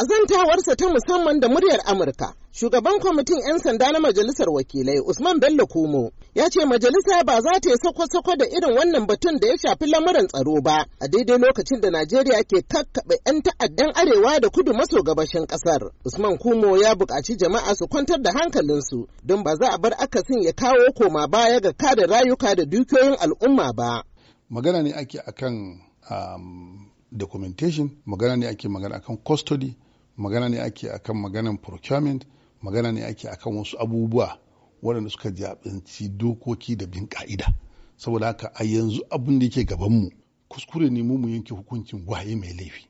A ta musamman da muryar Amurka, shugaban kwamitin 'yan sanda na majalisar wakilai Usman Bello Kumo ya ce majalisa ba za ta yi sako-sako da irin wannan batun da ya shafi lamuran tsaro ba a daidai lokacin da Najeriya ke kakkaɓe 'yan ta'addan arewa da kudu maso gabashin ƙasar. Usman Kumo ya buƙaci jama'a su kwantar da hankalinsu don ba za a bar akasin ya kawo koma baya ga kada rayuka da dukiyoyin al'umma ba. Magana ne ake akan um, documentation magana ne ake magana akan custody magana ne ake akan maganan procurement magana ne ake akan wasu abubuwa waɗanda suka jaɓinci dokoki da bin ka'ida saboda haka a yanzu abin da yake gabanmu kuskure ne mu mu yanke hukuncin waye mai laifi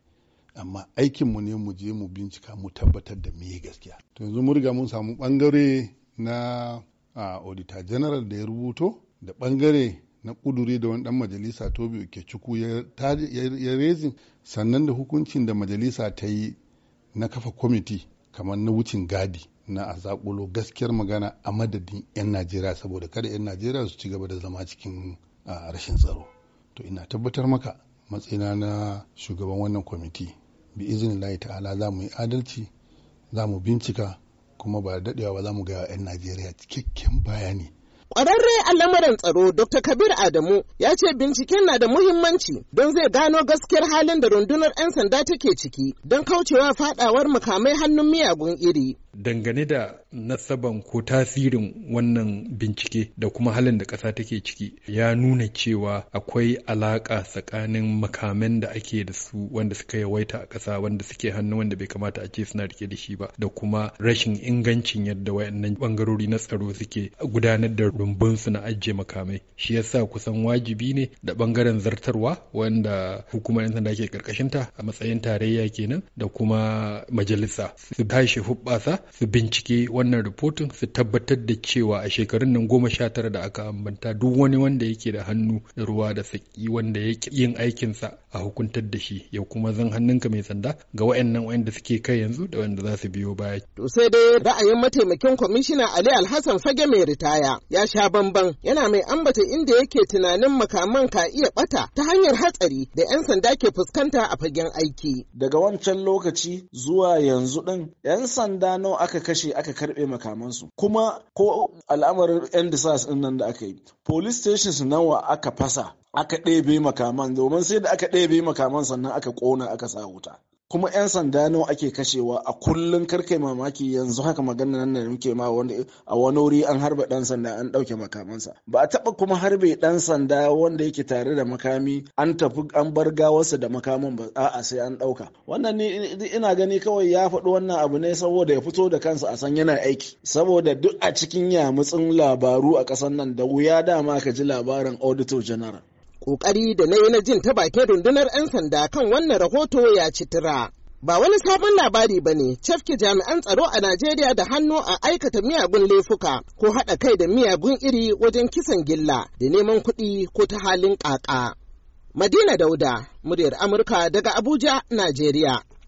amma aikinmu ne mu je mu bincika mu tabbatar da meye gaskiya to yanzu mun riga mun samu ɓangare na auditor general da ya rubuto da bangare na ƙuduri da wani ɗan majalisa tobi okechukwu ya rezin sannan da hukuncin da majalisa ta yi na kafa kwamiti kamar na wucin gadi na a gaskiyar magana a madadin 'yan najeriya saboda kada 'yan najeriya su ci gaba da zama cikin rashin tsaro to ina tabbatar maka matsayina na shugaban wannan kwamiti bi izinin layi ta'ala za mu yi adalci za mu bincika kuma ba da daɗewa ba za mu ga 'yan najeriya cikakken bayani Ƙwararre a lamarin tsaro Dr. Kabir Adamu ya ce binciken na da muhimmanci don zai gano gaskiyar halin da rundunar 'yan sanda take ciki don kaucewa fadawar makamai hannun miyagun iri. Dangane da nasaban ko tasirin wannan bincike da kuma halin da ƙasa take ciki ya nuna cewa akwai alaƙa tsakanin makaman da ake da su wanda suka yawaita a ƙasa wanda suke hannu wanda bai kamata a ce suna rike da shi ba da kuma rashin ingancin yadda wayannan bangarori na tsaro suke gudanar da rumbunsu na ajiye makamai shi yasa kusan wajibi ne da bangaren zartarwa wanda hukumar yan sanda ke karkashinta a matsayin tarayya kenan da kuma majalisa su tashi hubbasa su bincike wannan rahoton su tabbatar da cewa a shekarun nan goma sha tara da aka ambanta duk wani wanda yake da hannu da ruwa da saki wanda ya yin aikinsa a hukuntar da shi ya kuma zan hannunka mai sanda ga wayannan wayanda suke kai yanzu da wanda za su biyo baya. To sai dai ra'ayin mataimakin kwamishina Ali Alhassan Fage mai ritaya ya sha bamban yana mai ambata inda yake tunanin makaman ka iya bata ta hanyar hatsari da 'yan sanda ke fuskanta a fagen aiki. Daga wancan lokaci zuwa yanzu ɗin 'yan sanda nawa aka kashe aka karɓe makamansu kuma ko al'amarin 'yan disas ɗin nan da aka yi. Police stations nawa aka fasa aka ɗebe makaman domin sai da aka ɗebe makaman sannan aka ƙona aka sa wuta. kuma 'yan sanda nawa ake kashewa a kullum karkai mamaki yanzu haka magana nan da muke ma a wani wuri an harbe dan sanda an dauke makamansa ba a taba kuma harbe dan sanda wanda yake tare da makami an tafi an bar gawarsa da makamin ba a'a sai an dauka wannan ne ina gani kawai ya faɗi wannan abu ne saboda ya fito da kansa a san yana aiki saboda duk a cikin yamutsin labaru a ƙasar nan da wuya dama ka ji labarin auditor general Kokari da na yi na jin ta bakin rundunar 'yan sanda kan wannan rahoto ya citira. Ba wani sabon labari ba ne, cafke jami'an tsaro a Najeriya da hannu a aikata miyagun laifuka ko haɗa kai da miyagun iri wajen kisan gilla da neman kuɗi ko ta halin ƙaƙa. Madina Dauda, muryar Amurka daga Abuja, Najeriya.